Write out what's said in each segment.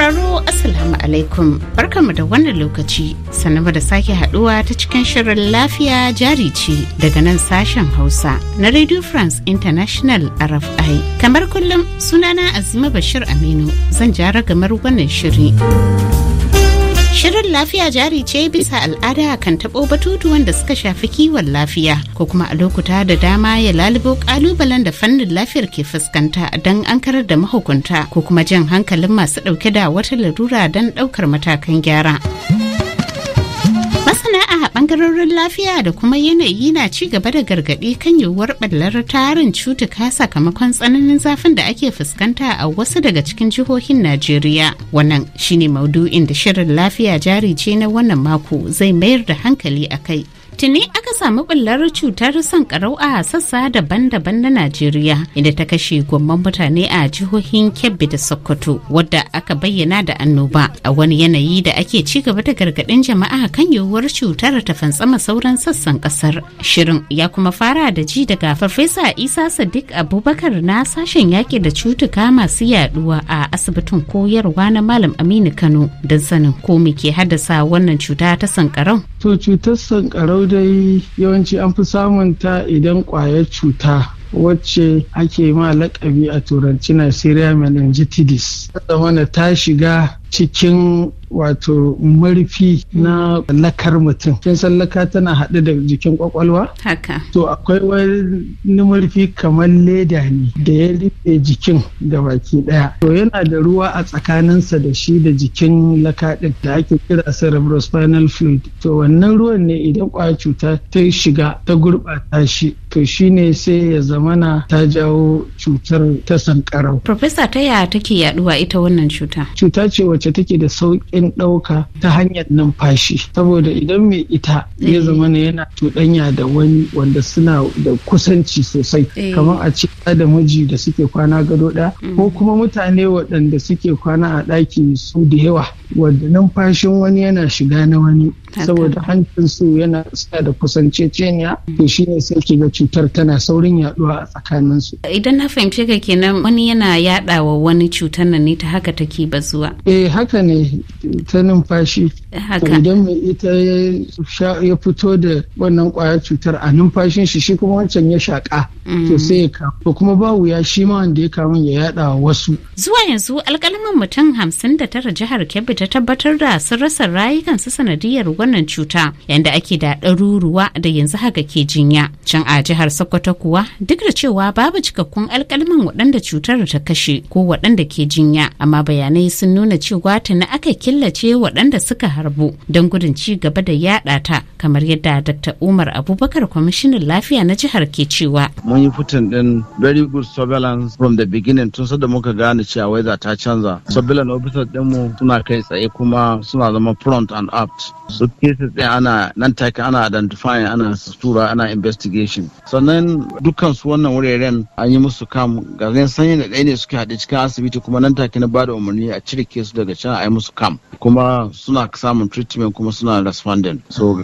sauraro Assalamu alaikum barkamu da wannan lokaci sannu da sake haduwa ta cikin shirin lafiya jari ce daga nan sashen Hausa na Radio France International RFI. Kamar kullum sunana Azima Bashir Aminu zan jara gamar wannan shiri. Shirin lafiya jari ce bisa al'ada kan taɓo batutuwan da suka shafi kiwon lafiya ko kuma a lokuta da dama ya lalubo ƙalubalen da fannin lafiyar ke fuskanta don an karar da mahukunta ko kuma jan hankalin masu ɗauke da wata larura don ɗaukar matakan gyara. ana a ɓangarorin lafiya da kuma yanayi na ci gaba da gargaɗi kan yiwuwar ɓallar tarin cutuka sakamakon tsananin zafin da ake fuskanta a wasu daga cikin jihohin Najeriya. Wannan shine maudu'in da shirin lafiya jari ce na wannan mako zai mayar da hankali a kai. Tuni aka samu bullar cutar sankarau a sassa daban-daban na Najeriya inda ta kashe gwamman mutane a jihohin Kebbi da Sokoto wadda aka bayyana da annoba a wani yanayi da ake ci gaba da gargaɗin jama'a kan yiwuwar cutar ta fantsama sauran sassan ƙasar Shirin ya kuma fara da ji daga Farfesa Isa Sadiq Abubakar na sashen yaƙi da cutuka masu yaduwa a asibitin koyarwa na Malam Aminu Kano don sanin ko me ke haddasa wannan cuta ta sankarau. To cutar sankarau dai yawanci an fi samun ta idan ƙwayar cuta wacce ake ma lakabi a turanci na syria meningitis ta ta shiga cikin wato murfi na lakar mutum kin san laka tana haɗe da jikin kwakwalwa haka to akwai wani murfi kamar leda ne da ya rufe jikin da baki ɗaya to yana da ruwa a tsakaninsa da shi da jikin laka ɗin da ake kira cerebrospinal fluid to wannan ruwan ne idan kwaya cuta ta shiga ta gurɓata shi to shi ne sai ya zamana ta jawo cutar ta sankarau. Profesa ta yaya take yaduwa ita wannan cuta? Cuta ce wacce take da sauƙin ɗauka ta hanyar numfashi saboda idan mai ita ya eh. zama na yana cuɗanya da wani wanda suna da kusanci sosai eh. kamar a ce da miji da suke kwana gado ɗaya mm. ko kuma mutane waɗanda suke kwana a ɗaki su da yawa wanda numfashin wani yana shiga na wani saboda hancin su yana sa da kusanceceniya mm. to ne sai ki cutar tana saurin yaduwa a tsakanin su idan na fahimce ka kenan wani yana yadawa wani cutar nan ne ta haka take bazuwa eh haka ne ta numfashi idan mai ita ya fito da wannan kwayar cutar a numfashin shi shi kuma wancan ya shaka to mm. sai ya kamu kuma ba wuya shi ma wanda ya kama ya yada wasu zuwa yanzu alkalamin mutum hamsin da tara jihar Kebbi ta tabbatar da sun rasa rayukan su sanadiyar wannan cuta yadda ake da ɗaruruwa da yanzu haka ke jinya can a jihar sokoto kuwa duk da cewa babu cikakkun alkalman waɗanda cutar ta kashe ko waɗanda ke jinya amma bayanai sun nuna cewa ta na aka killace waɗanda suka harbu don gudun ci gaba da yaɗa ta kamar yadda dr umar abubakar kwamishinan lafiya na jihar ke cewa mun yi fitin din very good surveillance from the beginning tun sada muka gane cewa weather ta canza surveillance officers dinmu suna kai tsaye kuma suna zama front and aft cases ɗin ana nan take ana identifying ana sutura ana investigation sannan dukkan su wannan wuraren an yi musu kam garin sanyi da ɗaya ne suke haɗe cikin asibiti kuma nan take na ba da umarni a cire kesu daga can a yi musu kam kuma suna samun treatment kuma suna responding so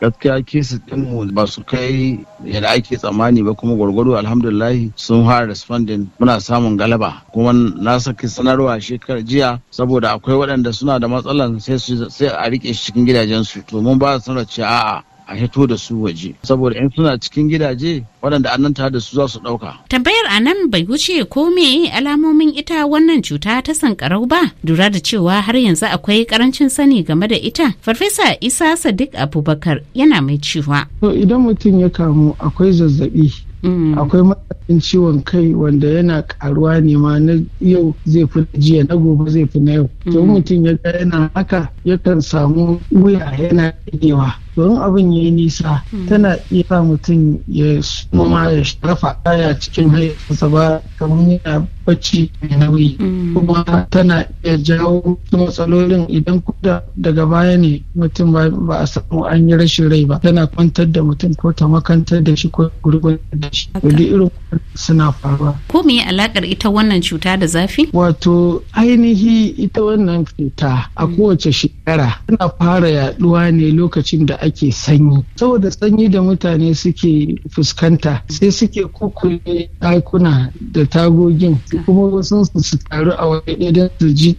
gaskiya din mu ba su kai yadda ake tsammani ba kuma gwargwado alhamdulillahi sun fara responding muna samun galaba kuma na saki sanarwa shekarar jiya saboda akwai waɗanda suna da matsalan sai a rike shi cikin gidajensu to mun ba su sanar cewa a'a a hito da su waje saboda in suna cikin gidaje waɗanda an da su za su ɗauka. Tambayar a nan bai wuce ko me alamomin ita wannan cuta ta sankarau ba dura da cewa har yanzu akwai karancin sani game da ita. Farfesa Isa Sadiq Abubakar yana mai cewa. Idan mutum ya kamu akwai zazzabi mm. akwai matsayin ciwon kai wanda yana karuwa ne ma na yau zai fi jiya na gobe zai fi na yau. To mm. mutum ya ga yana haka yakan samu wuya yana ɗigewa don abin ya yi nisa hmm. tana iya sa mutum ya suma ya rafa baya cikin hayyacinsa ba kamar yana bacci mai nauyi hmm. kuma tana iya jawo matsalolin idan kuda daga baya ne mutum ba a samu an yi rashin rai ba tana kwantar da mutum ko ta makantar da shi ko gurgun da shi wani irin suna faruwa ko me alakar ita wannan cuta da zafi wato ainihi ita wannan cuta a hmm. kowace shi kankara tana fara yaduwa ne lokacin da ake sanyi saboda sanyi da mutane suke fuskanta sai suke kukule ɗakuna da tagogin kuma wasu su taru a waje ɗaya don su ji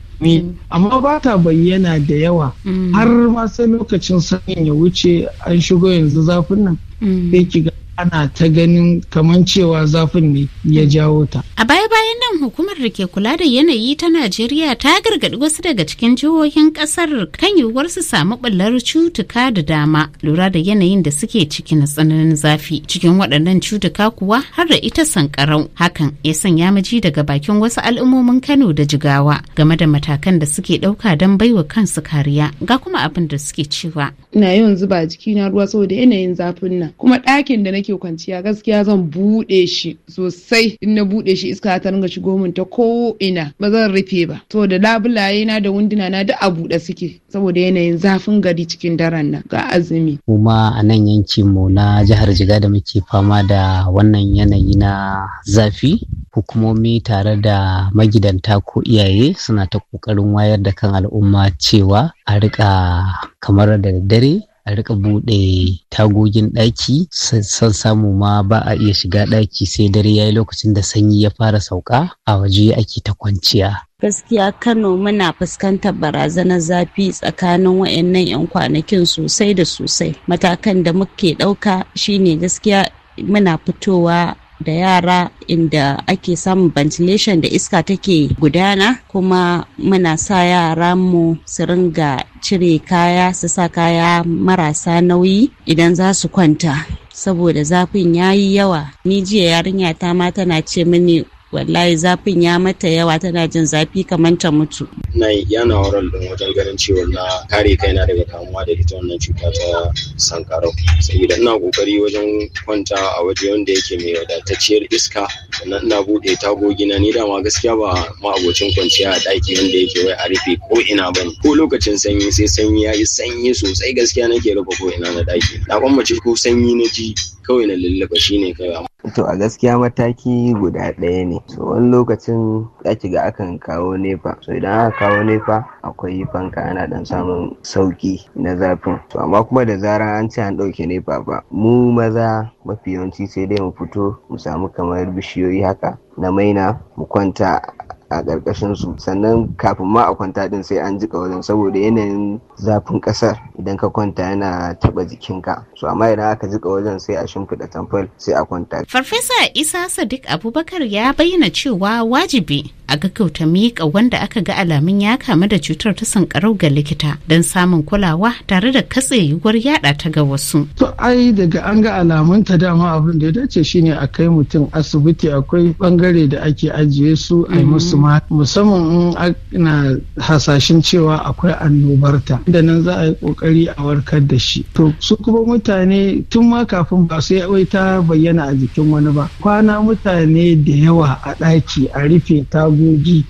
amma ba ta bayyana da yawa mm. har ma sai lokacin sanyin ya wuce an shigo yanzu zafin nan mm. sai ki ga ana ta ganin kamar cewa zafin ne ya jawo ta. A baya-bayan nan hukumar da ke kula da yanayi ta Najeriya ta gargaɗi wasu daga cikin jihohin ƙasar kan yiwuwar su samu ɓullar cutuka da dama lura da yanayin da suke ciki na tsananin zafi. Cikin waɗannan cutuka kuwa har da ita sankarau. Hakan ya sanya miji daga bakin wasu al'ummomin Kano da Jigawa game da matakan da suke ɗauka don baiwa kansu kariya ga kuma abin da suke cewa. Ina yawan zuba jikina ruwa saboda yanayin zafin nan kuma ɗakin da nake nake kwanciya gaskiya zan buɗe shi sosai in na buɗe shi iska ta ringa shigo min ta ko ina ba zan rufe ba to da labulaye na da wunduna na duk a buɗe suke saboda yanayin zafin gari cikin daren nan ga azumi kuma a nan yankin mu na jihar jiga da muke fama da wannan yanayi na zafi hukumomi tare da magidanta ko iyaye suna ta kokarin wayar da kan al'umma cewa a rika kamar da daddare a rika buɗe tagogin ɗaki san samu ma ba a iya shiga ɗaki sai dare yayi lokacin da sanyi ya fara sauka a waje ake ta kwanciya gaskiya kano muna fuskantar barazanar zafi tsakanin wayannan 'yan kwanakin sosai da sosai matakan da muke ɗauka shine gaskiya muna fitowa da yara inda ake samun ventilation da iska take gudana kuma muna sa yara mu su ringa cire kaya su sa kaya marasa nauyi idan za su kwanta saboda zafin yayi yawa ni jiya yarinya ta ma tana ce mini wallahi zafin ya mata yawa tana jin zafi kamar ta mutu. Na yana horon don wajen ganin cewa na kare kaina daga kamuwa da ita wannan cuta ta sankarau. Saboda ina kokari wajen kwanta a waje wanda yake mai wadatacciyar iska sannan ina buɗe na ni dama gaskiya ba ma'abocin kwanciya a ɗaki wanda yake wai a rufe ko ina ba ko lokacin sanyi sai sanyi ya yi sanyi sosai gaskiya nake rufe ko ina na daki Na kwamace ko sanyi na ji kawai na lullaba shine kawai To a gaskiya mataki guda ɗaya ne. So wani lokacin zaki ga akan kawo nefa. So idan aka kawo nefa akwai fanka ana dan samun sauki na zafin. To amma kuma da zarar an ce an ɗauke nefa ba mu maza mafi yawanci sai dai mu fito mu samu kamar bishiyoyi haka na maina mu kwanta a ƙarƙashin su sannan kafin ma a kwanta din sai an jika wajen saboda yanayin zafin ƙasar idan ka kwanta yana taɓa jikinka so amma idan aka jika wajen sai a shimfiɗa tamfol sai a kwanta. farfesa isa sadiq abubakar ya bayyana cewa wajibi a gaggauta miƙa wanda aka ga alamun ya kama da cutar ta sankarau ga likita don samun kulawa tare da katse yiwuwar yada ta ga wasu. To ai daga an ga alamun ta dama abin da ya dace shine a kai mutum asibiti akwai bangare da ake ajiye su a musu mm-hmm. ma musamman in ana hasashen cewa akwai annobarta da nan za a yi kokari a warkar da shi. To su kuma mutane tun ma kafin ba sai yi ta bayyana a jikin wani ba kwana mutane da yawa a ɗaki a rufe tagu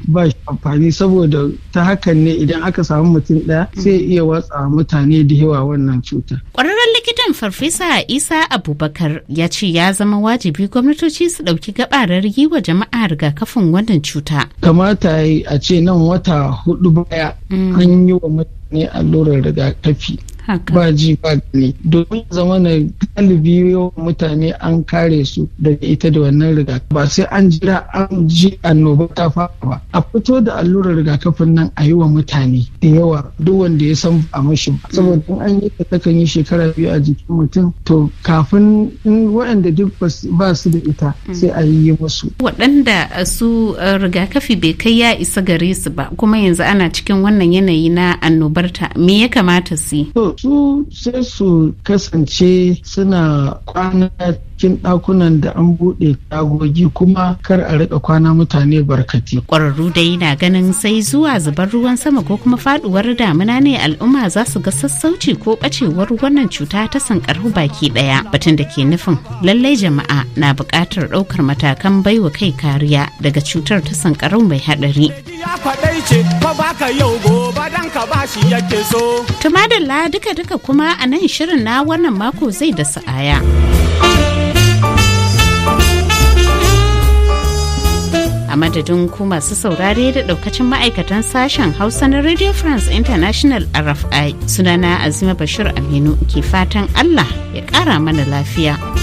ba shi amfani saboda ta hakan ne idan aka samu mutum ɗaya sai iya watsa mutane da yawa wannan cuta. Ƙwararren likitan Farfesa Isa Abubakar ya ce ya zama wajibi gwamnatoci su ɗauki gabarar yi wa jama'a rigakafin wannan cuta. Kamata a ce nan wata hudu baya mm. an yi wa mutane allurar rigakafi. ba ji ba gani domin zama na galibi yawan mutane an kare su daga ita da wannan rigakafi ba sai an jira an ji annoba ta fara ba a fito da allurar rigakafin nan a yi wa mutane da yawa duk wanda ya san a mashi ba saboda in an yi ta takan yi shekara biyu a jikin mutum to kafin in waɗanda duk ba su da ita hmm. sai a yi musu waɗanda uh, su uh, rigakafi bai kai ya isa gare su ba kuma yanzu ana cikin wannan yanayi na annobarta, me ya kamata su yi su sai su kasance suna kwanakin cikin ɗakunan da an buɗe tagogi kuma kar a riƙa kwana mutane barkati. Ƙwararru dai na ganin sai zuwa zubar ruwan sama ko kuma faɗuwar damina ne al'umma za su ga sassauci ko ɓacewar wannan cuta ta sankaru baki ɗaya batun da ke nufin lallai jama'a na bukatar ɗaukar matakan baiwa kai kariya daga cutar ta sankarau mai haɗari. Ya yau gobe ka shi yake so. Tumadalla duka-duka kuma a nan shirin na wannan mako zai da sa'aya. a madadin ku masu saurare da ɗaukacin ma'aikatan sashen hausa na radio france international rfi sunana azima bashir aminu ke fatan allah ya ƙara mana lafiya.